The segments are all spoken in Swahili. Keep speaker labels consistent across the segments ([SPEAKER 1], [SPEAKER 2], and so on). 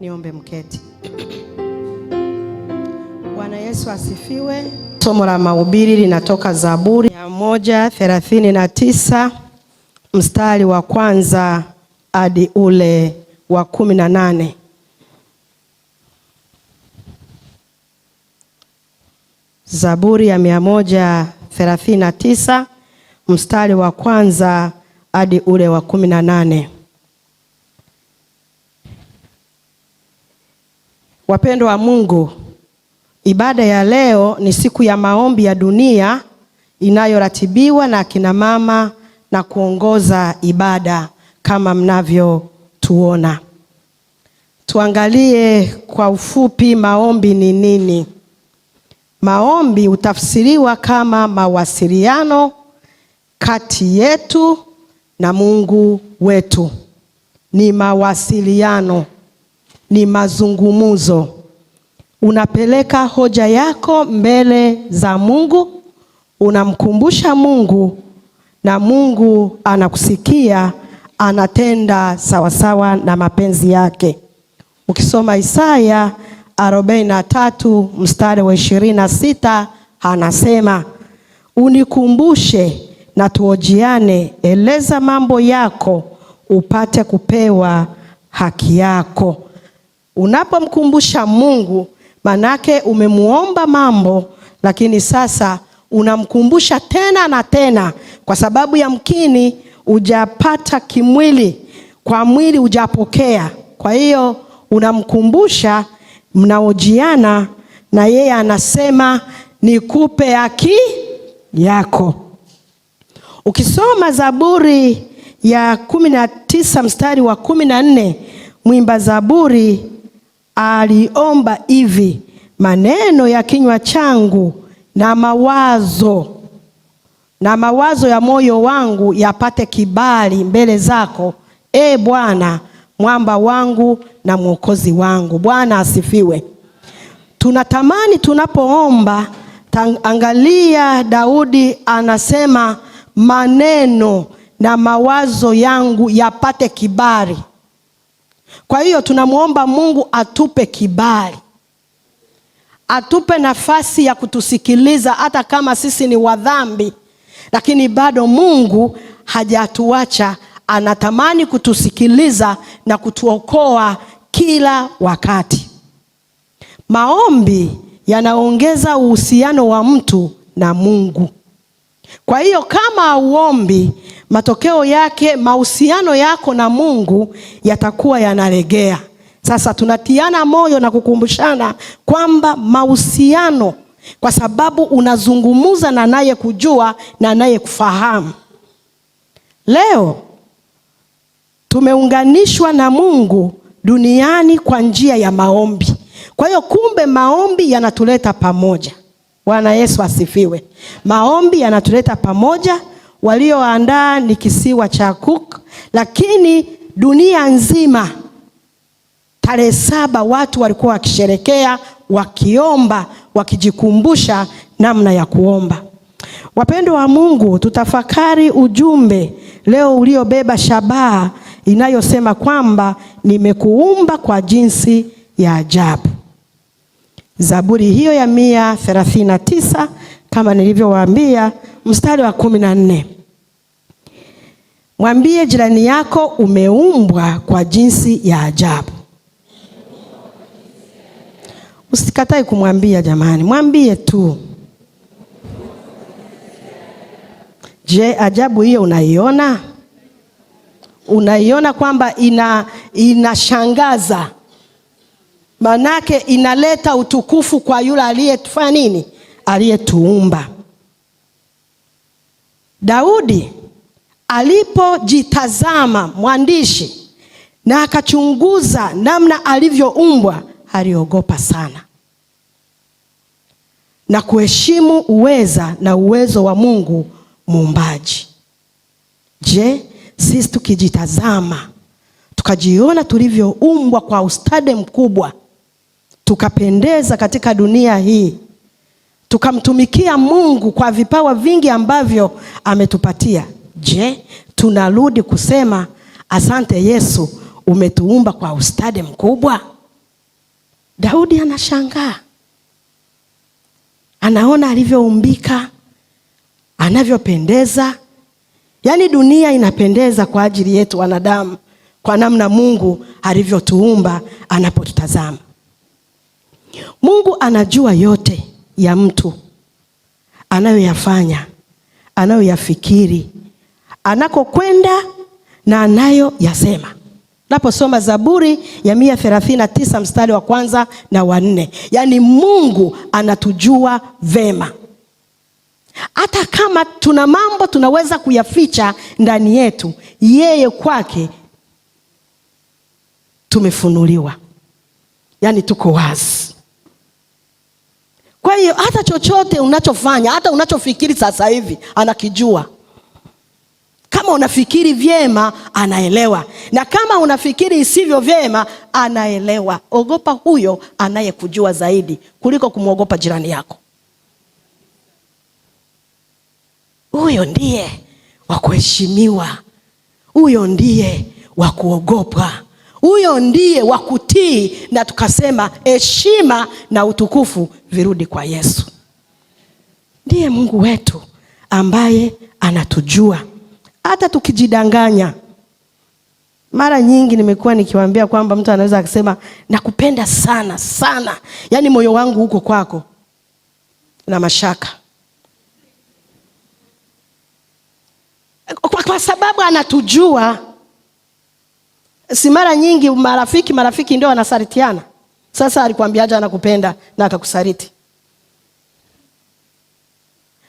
[SPEAKER 1] Niombe mketi. Bwana Yesu asifiwe. Somo la mahubiri linatoka Zaburi ya moja thelathini na tisa mstari wa kwanza hadi ule wa kumi na nane. Zaburi ya mia moja thelathini na tisa mstari wa kwanza hadi ule wa kumi na nane. Wapendo wa Mungu, ibada ya leo ni siku ya maombi ya dunia inayoratibiwa na akina mama na kuongoza ibada kama mnavyotuona. Tuangalie kwa ufupi maombi ni nini? Maombi hutafsiriwa kama mawasiliano kati yetu na Mungu wetu. Ni mawasiliano ni mazungumzo. Unapeleka hoja yako mbele za Mungu, unamkumbusha Mungu na Mungu anakusikia, anatenda sawasawa na mapenzi yake. Ukisoma Isaya 43 mstari wa 26 anasema, unikumbushe na tuojiane, eleza mambo yako upate kupewa haki yako. Unapomkumbusha Mungu, manake umemuomba mambo, lakini sasa unamkumbusha tena na tena, kwa sababu ya mkini ujapata kimwili, kwa mwili ujapokea. Kwa hiyo unamkumbusha, mnaojiana na yeye anasema nikupe haki yako. Ukisoma Zaburi ya kumi na tisa mstari wa kumi na nne mwimba Zaburi aliomba hivi, maneno ya kinywa changu na mawazo na mawazo ya moyo wangu yapate kibali mbele zako, e Bwana, mwamba wangu na mwokozi wangu. Bwana asifiwe. Tunatamani tunapoomba angalia Daudi anasema maneno na mawazo yangu yapate kibali kwa hiyo tunamwomba Mungu atupe kibali, atupe nafasi ya kutusikiliza, hata kama sisi ni wadhambi, lakini bado Mungu hajatuacha, anatamani kutusikiliza na kutuokoa kila wakati. Maombi yanaongeza uhusiano wa mtu na Mungu. Kwa hiyo kama auombi matokeo yake mahusiano yako na Mungu yatakuwa yanalegea. Sasa tunatiana moyo na kukumbushana kwamba mahusiano, kwa sababu unazungumuza na naye kujua na naye kufahamu. Leo tumeunganishwa na Mungu duniani kwa njia ya maombi. Kwa hiyo kumbe, maombi yanatuleta pamoja. Bwana Yesu asifiwe. Maombi yanatuleta pamoja walioandaa ni kisiwa cha Cook, lakini dunia nzima tarehe saba watu walikuwa wakisherekea, wakiomba, wakijikumbusha namna ya kuomba. Wapendo wa Mungu, tutafakari ujumbe leo uliobeba shabaha inayosema kwamba nimekuumba kwa jinsi ya ajabu. Zaburi hiyo ya mia thelathini na tisa kama nilivyowaambia mstari wa kumi na nne mwambie jirani yako umeumbwa kwa jinsi ya ajabu. Usikatai kumwambia jamani, mwambie tu. Je, ajabu hiyo unaiona? Unaiona kwamba ina inashangaza, manake inaleta utukufu kwa yule aliyetufanya nini, aliyetuumba. Daudi alipojitazama mwandishi na akachunguza namna alivyoumbwa, aliogopa sana na kuheshimu uweza na uwezo wa Mungu muumbaji. Je, sisi tukijitazama tukajiona tulivyoumbwa kwa ustadi mkubwa tukapendeza katika dunia hii tukamtumikia Mungu kwa vipawa vingi ambavyo ametupatia. Je, tunarudi kusema asante Yesu, umetuumba kwa ustadi mkubwa? Daudi anashangaa, anaona alivyoumbika, anavyopendeza. Yaani dunia inapendeza kwa ajili yetu wanadamu, kwa namna Mungu alivyotuumba. Anapotutazama Mungu anajua yote ya mtu, anayoyafanya, anayoyafikiri, anakokwenda na anayoyasema. Naposoma Zaburi ya mia thelathini tisa mstari wa kwanza na wa nne, yaani Mungu anatujua vema hata kama tuna mambo tunaweza kuyaficha ndani yetu, yeye kwake tumefunuliwa, yaani tuko wazi. Kwa hiyo hata chochote unachofanya, hata unachofikiri sasa hivi anakijua. Kama unafikiri vyema, anaelewa, na kama unafikiri isivyo vyema, anaelewa. Ogopa huyo anayekujua zaidi kuliko kumwogopa jirani yako. Huyo ndiye wa kuheshimiwa, huyo ndiye wa kuogopwa. Huyo ndiye wa kutii, na tukasema heshima na utukufu virudi kwa Yesu. Ndiye Mungu wetu ambaye anatujua hata tukijidanganya. Mara nyingi nimekuwa nikiwaambia kwamba mtu anaweza akasema nakupenda sana sana, yaani moyo wangu uko kwako, na mashaka kwa sababu anatujua Si mara nyingi marafiki marafiki ndio wanasalitiana. Sasa aje anakupenda na akakusaliti?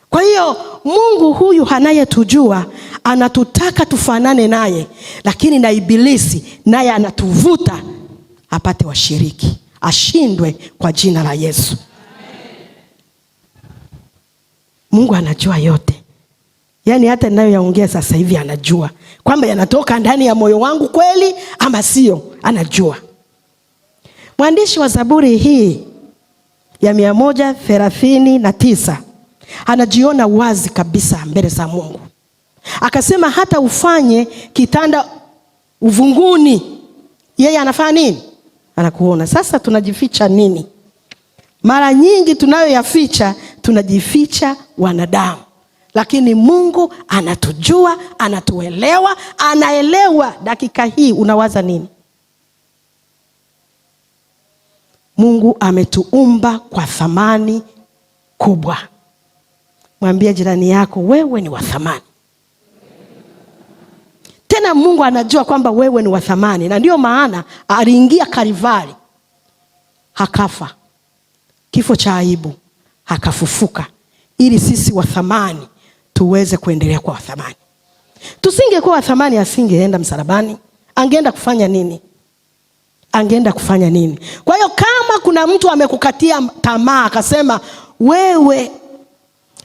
[SPEAKER 1] Kwa hiyo Mungu huyu anayetujua anatutaka tufanane naye, lakini na Ibilisi naye anatuvuta apate washiriki, ashindwe kwa jina la Yesu. Mungu anajua yote. Yaani hata ninayoyaongea sasa hivi anajua kwamba yanatoka ndani ya moyo wangu kweli ama sio, anajua. Mwandishi wa Zaburi hii ya mia moja thelathini na tisa anajiona wazi kabisa mbele za Mungu, akasema hata ufanye kitanda uvunguni, yeye anafanya nini? Anakuona. Sasa tunajificha nini? Mara nyingi tunayoyaficha tunajificha wanadamu lakini Mungu anatujua, anatuelewa, anaelewa dakika hii unawaza nini. Mungu ametuumba kwa thamani kubwa. Mwambie jirani yako, wewe ni wa thamani. Tena Mungu anajua kwamba wewe ni wa thamani, na ndiyo maana aliingia Kalivari, hakafa kifo cha aibu, hakafufuka ili sisi wa thamani tuweze kuendelea kuwa wathamani. Tusingekuwa wathamani, asingeenda msalabani. Angeenda kufanya nini? Angeenda kufanya nini? Kwa hiyo kama kuna mtu amekukatia tamaa akasema wewe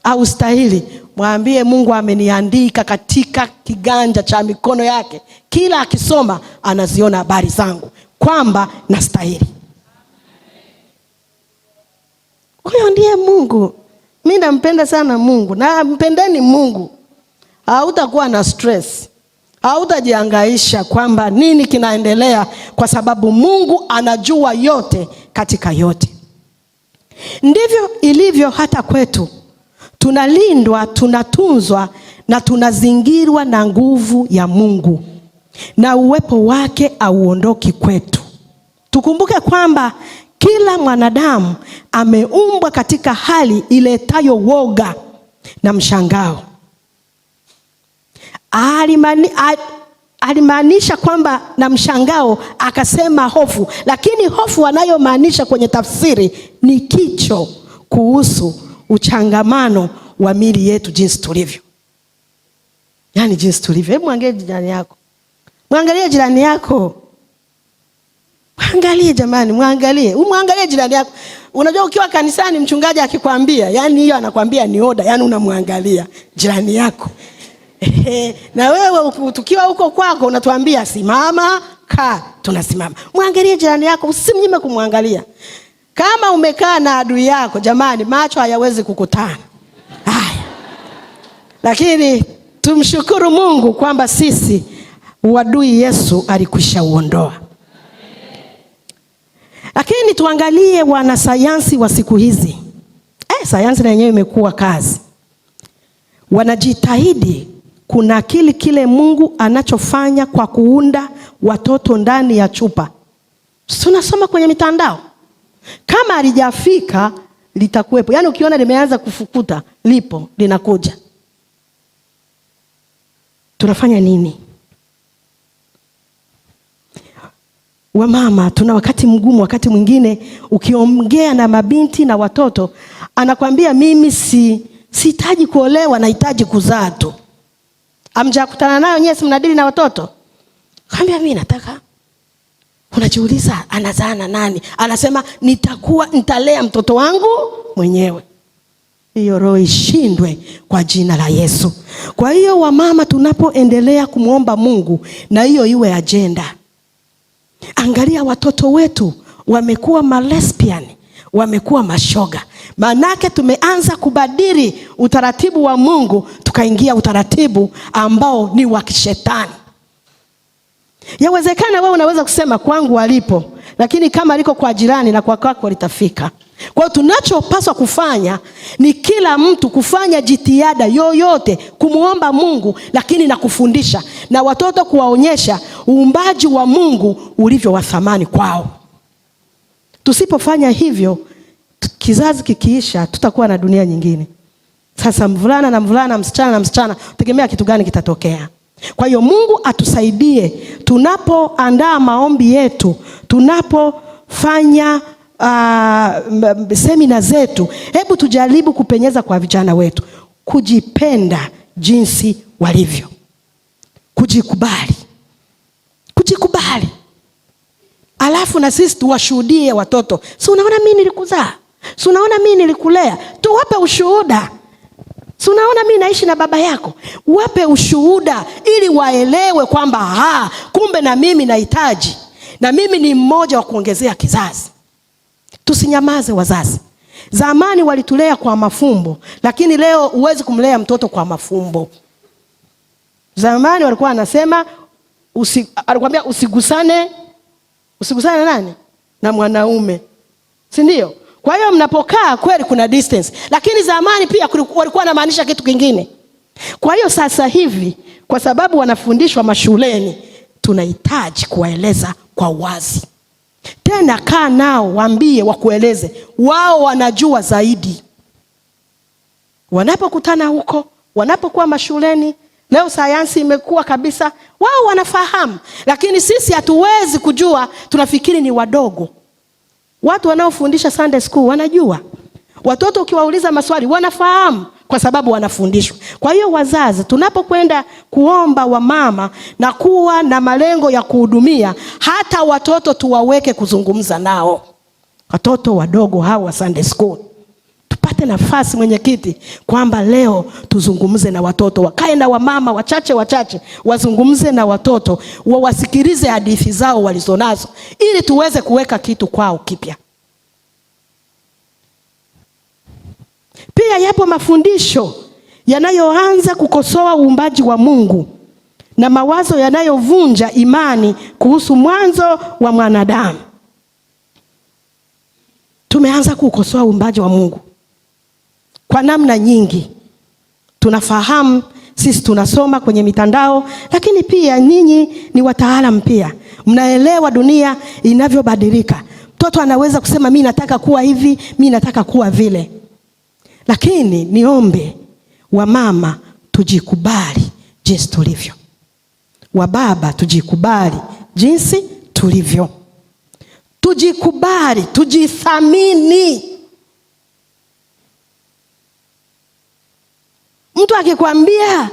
[SPEAKER 1] haustahili, mwambie Mungu ameniandika katika kiganja cha mikono yake, kila akisoma anaziona habari zangu kwamba nastahili. Huyo ndiye Mungu mi nampenda sana Mungu na mpendeni Mungu, hautakuwa na stress, hautajihangaisha kwamba nini kinaendelea, kwa sababu Mungu anajua yote katika yote. Ndivyo ilivyo hata kwetu, tunalindwa, tunatunzwa na tunazingirwa na nguvu ya Mungu na uwepo wake auondoki kwetu. Tukumbuke kwamba kila mwanadamu ameumbwa katika hali iletayo woga na mshangao. Alimani, al, alimaanisha kwamba na mshangao, akasema hofu, lakini hofu anayomaanisha kwenye tafsiri ni kicho kuhusu uchangamano wa mili yetu jinsi tulivyo, yaani jinsi tulivyo. Hebu mwangalie jirani yako, mwangalie jirani yako Angalie jamani, mwangalie. Umwangalie jirani yako. Unajua ukiwa kanisani mchungaji akikwambia, yani hiyo anakwambia ni oda, yani unamwangalia jirani yako. Na wewe tukiwa huko kwako unatuambia simama, ka tunasimama. Mwangalie jirani yako, usimnyime kumwangalia. Kama umekaa na adui yako jamani, macho hayawezi kukutana. Haya. Lakini tumshukuru Mungu kwamba sisi uadui Yesu alikwisha uondoa. Lakini tuangalie wanasayansi wa siku hizi eh, sayansi na yenyewe imekuwa kazi, wanajitahidi kuna akili kile Mungu anachofanya kwa kuunda watoto ndani ya chupa. Tunasoma kwenye mitandao, kama halijafika litakuwepo. Yaani ukiona limeanza kufukuta, lipo linakuja. Tunafanya nini? Wamama tuna wakati mgumu. Wakati mwingine ukiongea na mabinti na watoto, anakwambia mimi si sihitaji kuolewa, nahitaji kuzaa tu. Amjakutana nayo nyie, mnadili na watoto, kaambia mimi nataka. Unajiuliza, anazaa na nani? Anasema nitakuwa nitalea mtoto wangu mwenyewe. Hiyo roho ishindwe kwa jina la Yesu. Kwa hiyo wamama, tunapoendelea kumwomba Mungu, na hiyo iwe ajenda Angalia watoto wetu wamekuwa malespiani, wamekuwa mashoga. Maanake tumeanza kubadili utaratibu wa Mungu tukaingia utaratibu ambao ni wa kishetani. Yawezekana wewe unaweza kusema kwangu walipo, lakini kama liko kwa jirani na kwa kwako litafika. Kwa hiyo tunachopaswa kufanya ni kila mtu kufanya jitihada yoyote kumwomba Mungu, lakini na kufundisha na watoto kuwaonyesha uumbaji wa Mungu ulivyo wa thamani kwao. Tusipofanya hivyo, kizazi kikiisha, tutakuwa na dunia nyingine. Sasa mvulana na mvulana, msichana na msichana, tegemea kitu gani kitatokea? Kwa hiyo Mungu atusaidie tunapoandaa maombi yetu, tunapofanya uh, ah, semina zetu, hebu tujaribu kupenyeza kwa vijana wetu kujipenda jinsi walivyo, kujikubali, kujikubali, alafu na sisi tuwashuhudie watoto, si unaona mimi nilikuzaa, si unaona mimi nilikulea, tuwape ushuhuda Si unaona mi naishi na baba yako, wape ushuhuda ili waelewe kwamba ha, kumbe na mimi nahitaji, na mimi ni mmoja wa kuongezea kizazi. Tusinyamaze wazazi. Zamani walitulea kwa mafumbo, lakini leo huwezi kumlea mtoto kwa mafumbo. Zamani walikuwa anasema usi, alikwambia usigusane, usigusane nani na mwanaume, si ndio? Kwa hiyo mnapokaa kweli kuna distance, lakini zamani pia walikuwa anamaanisha kitu kingine. Kwa hiyo sasa hivi kwa sababu wanafundishwa mashuleni, tunahitaji kuwaeleza kwa wazi. Tena kaa nao, waambie, wakueleze. Wao wanajua zaidi. Wanapokutana huko, wanapokuwa mashuleni, leo sayansi imekuwa kabisa, wao wanafahamu, lakini sisi hatuwezi kujua, tunafikiri ni wadogo. Watu wanaofundisha Sunday school wanajua, watoto ukiwauliza maswali wanafahamu kwa sababu wanafundishwa. Kwa hiyo wazazi, tunapokwenda kuomba wamama na kuwa na malengo ya kuhudumia, hata watoto tuwaweke kuzungumza nao, watoto wadogo hao wa Sunday school tupate nafasi mwenyekiti, kwamba leo tuzungumze na watoto, wakae na wamama wachache wachache, wazungumze na watoto, wawasikilize hadithi zao walizonazo, ili tuweze kuweka kitu kwao kipya. Pia yapo mafundisho yanayoanza kukosoa uumbaji wa Mungu na mawazo yanayovunja imani kuhusu mwanzo wa mwanadamu. Tumeanza kuukosoa uumbaji wa Mungu kwa namna nyingi. Tunafahamu sisi tunasoma kwenye mitandao, lakini pia nyinyi ni wataalamu, pia mnaelewa dunia inavyobadilika. Mtoto anaweza kusema mi nataka kuwa hivi, mi nataka kuwa vile. Lakini niombe wamama tujikubali jinsi tulivyo, wababa tujikubali jinsi tulivyo, tujikubali, tujithamini. Mtu akikwambia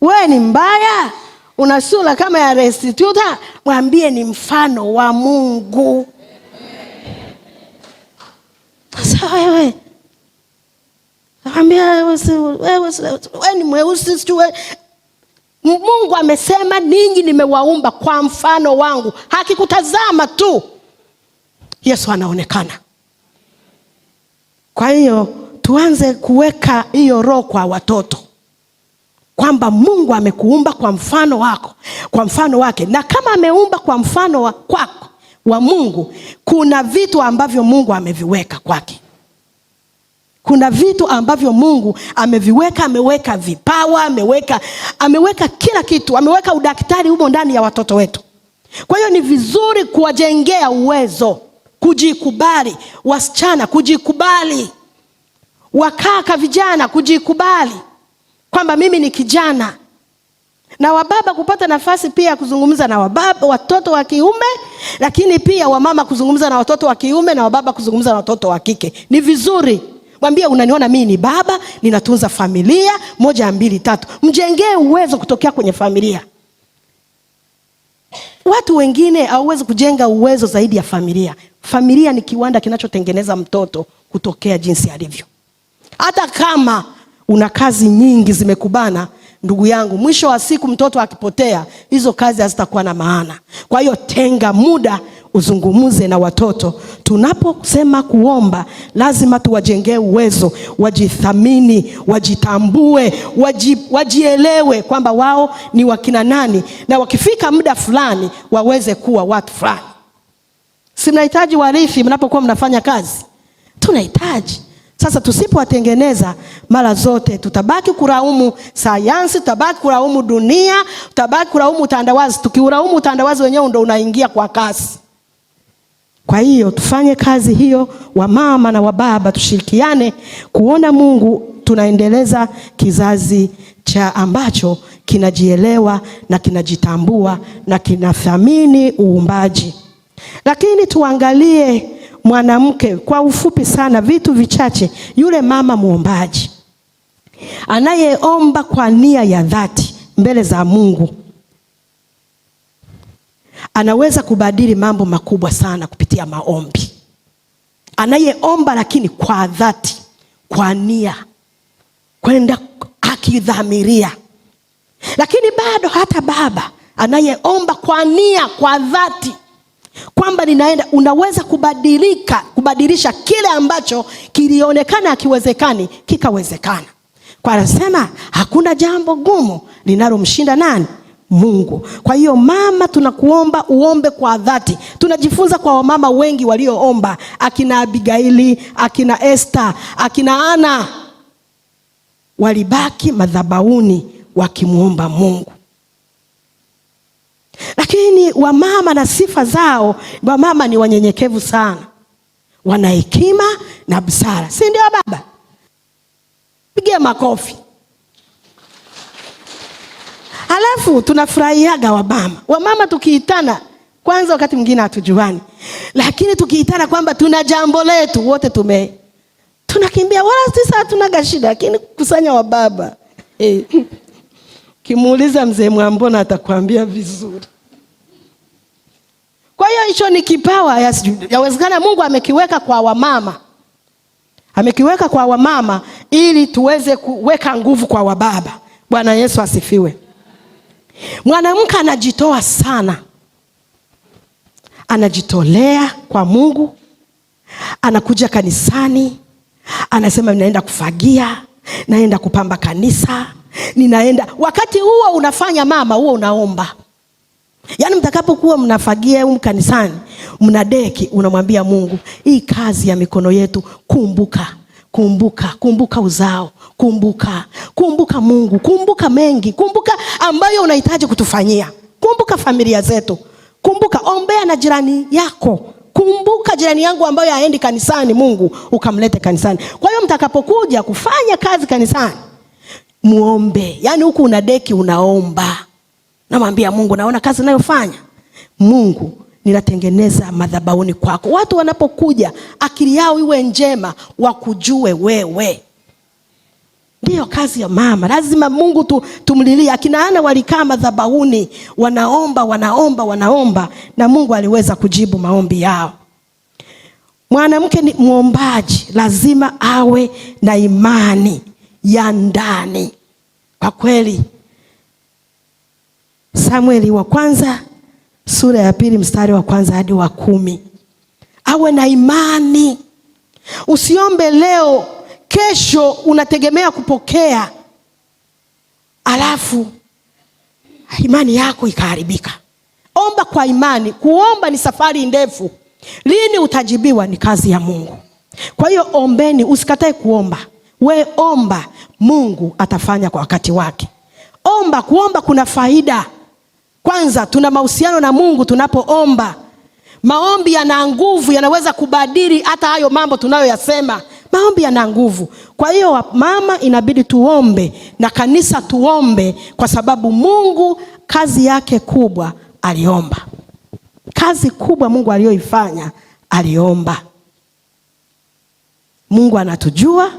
[SPEAKER 1] wewe ni mbaya, una sura kama ya restituta, mwambie ni mfano wa Mungu. Sasa wewe wewe ni mweusi sijui Mungu amesema ninyi nimewaumba kwa mfano wangu. Hakikutazama tu, Yesu anaonekana. Kwa hiyo tuanze kuweka hiyo roho kwa watoto kwamba Mungu amekuumba kwa mfano wako, kwa mfano wake, na kama ameumba kwa mfano wa kwako wa Mungu, kuna vitu ambavyo Mungu ameviweka kwake. Kuna vitu ambavyo Mungu ameviweka, ameweka vipawa, ameweka ameweka kila kitu, ameweka udaktari humo ndani ya watoto wetu. Kwa hiyo ni vizuri kuwajengea uwezo, kujikubali wasichana, kujikubali wakaka, vijana kujikubali kwamba mimi ni kijana, na wababa kupata nafasi pia ya kuzungumza na wababa, watoto wa kiume, lakini pia wamama kuzungumza na watoto wa kiume na wababa kuzungumza na watoto wa kike, ni vizuri. Mwambie unaniona mimi ni baba, ninatunza familia moja ya mbili tatu. Mjengee uwezo kutokea kwenye familia. Watu wengine hawawezi kujenga uwezo zaidi ya familia. Familia ni kiwanda kinachotengeneza mtoto kutokea jinsi alivyo. Hata kama una kazi nyingi zimekubana, ndugu yangu, mwisho wa siku mtoto akipotea, hizo kazi hazitakuwa na maana. Kwa hiyo tenga muda uzungumuze na watoto. Tunaposema kuomba, lazima tuwajengee uwezo, wajithamini, wajitambue, waji, wajielewe kwamba wao ni wakina nani, na wakifika muda fulani waweze kuwa watu fulani. Si mnahitaji warithi mnapokuwa mnafanya kazi? Tunahitaji sasa. Tusipowatengeneza mara zote, tutabaki kulaumu sayansi, tutabaki kulaumu dunia, tutabaki kulaumu utandawazi. Tukiulaumu utandawazi wenyewe ndo unaingia kwa kasi. Kwa hiyo tufanye kazi hiyo, wamama na wababa tushirikiane kuona Mungu tunaendeleza kizazi cha ambacho kinajielewa na kinajitambua na kinathamini uumbaji. Lakini tuangalie mwanamke kwa ufupi sana, vitu vichache. Yule mama muombaji anayeomba kwa nia ya dhati mbele za Mungu anaweza kubadili mambo makubwa sana kupitia maombi. Anayeomba lakini kwa dhati, kwa nia, kwenda akidhamiria. Lakini bado hata baba anayeomba kwa nia, kwa dhati kwamba ninaenda, unaweza kubadilika, kubadilisha kile ambacho kilionekana akiwezekani kikawezekana. Kwa anasema hakuna jambo gumu linalomshinda nani? Mungu. Kwa hiyo mama, tunakuomba uombe kwa dhati. Tunajifunza kwa wamama wengi walioomba, akina Abigaili, akina Esther, akina Ana walibaki madhabauni wakimwomba Mungu. Lakini wamama na sifa zao, wamama ni wanyenyekevu sana, wana hekima na busara, si ndio? Baba, pigia makofi. Halafu tunafurahiaga wamama, wamama tukiitana kwanza, wakati mwingine hatujuani, lakini tukiitana kwamba tuna jambo letu, wote tume tunakimbia, wala sisi hatunaga shida, lakini kusanya wababa hey. Eh. Kimuuliza mzee Mwambona atakwambia vizuri. Kwa hiyo hicho ni kipawa, yawezekana Mungu amekiweka kwa wamama, amekiweka kwa wamama ili tuweze kuweka nguvu kwa wababa. Bwana Yesu asifiwe. Mwanamke anajitoa sana, anajitolea kwa Mungu, anakuja kanisani, anasema ninaenda kufagia, naenda kupamba kanisa, ninaenda wakati huo unafanya mama, huo unaomba. Yaani mtakapokuwa mnafagia huko kanisani, mnadeki, unamwambia Mungu, hii kazi ya mikono yetu kumbuka Kumbuka, kumbuka uzao, kumbuka, kumbuka Mungu, kumbuka mengi, kumbuka ambayo unahitaji kutufanyia, kumbuka familia zetu, kumbuka, ombea na jirani yako, kumbuka jirani yangu ambayo haendi kanisani, Mungu ukamlete kanisani. Kwa hiyo mtakapokuja kufanya kazi kanisani, muombe. Yaani huku una deki, unaomba, namwambia Mungu, naona kazi nayofanya Mungu ninatengeneza madhabahuni kwako. Watu wanapokuja akili yao iwe njema, wakujue wewe. Ndiyo kazi ya mama, lazima Mungu tu, tumlilie. Akina Ana walikaa madhabahuni, wanaomba wanaomba wanaomba, na Mungu aliweza kujibu maombi yao. Mwanamke ni mwombaji, lazima awe na imani ya ndani. Kwa kweli, Samueli wa kwanza sura ya pili mstari wa kwanza hadi wa kumi. Awe na imani. Usiombe leo, kesho unategemea kupokea, alafu imani yako ikaharibika. Omba kwa imani. Kuomba ni safari ndefu. Lini utajibiwa ni kazi ya Mungu. Kwa hiyo ombeni, usikatae kuomba. We omba, Mungu atafanya kwa wakati wake. Omba, kuomba kuna faida. Kwanza tuna mahusiano na Mungu tunapoomba. Maombi yana nguvu, yanaweza kubadili hata hayo mambo tunayoyasema. Maombi yana nguvu. Kwa hiyo mama, inabidi tuombe na kanisa tuombe, kwa sababu Mungu kazi yake kubwa aliomba. Kazi kubwa Mungu aliyoifanya aliomba. Mungu anatujua,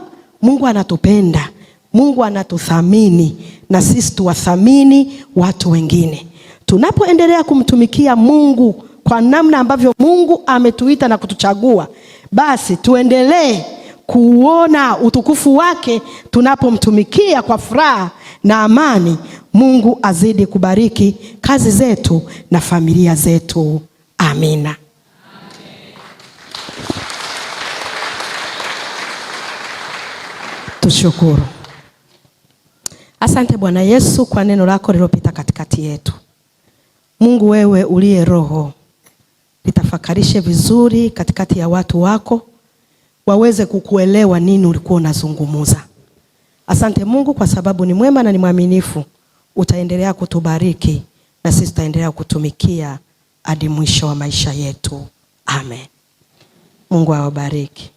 [SPEAKER 1] Mungu anatupenda, Mungu anatuthamini, na sisi tuwathamini watu wengine. Tunapoendelea kumtumikia Mungu kwa namna ambavyo Mungu ametuita na kutuchagua, basi tuendelee kuona utukufu wake tunapomtumikia kwa furaha na amani. Mungu azidi kubariki kazi zetu na familia zetu. Amina. Tushukuru. Asante Bwana Yesu kwa neno lako lililopita katikati yetu. Mungu wewe uliye roho, nitafakarishe vizuri katikati ya watu wako waweze kukuelewa nini ulikuwa unazungumuza. Asante Mungu kwa sababu ni mwema na ni mwaminifu, utaendelea kutubariki na sisi tutaendelea kutumikia hadi mwisho wa maisha yetu. Amen. Mungu awabariki.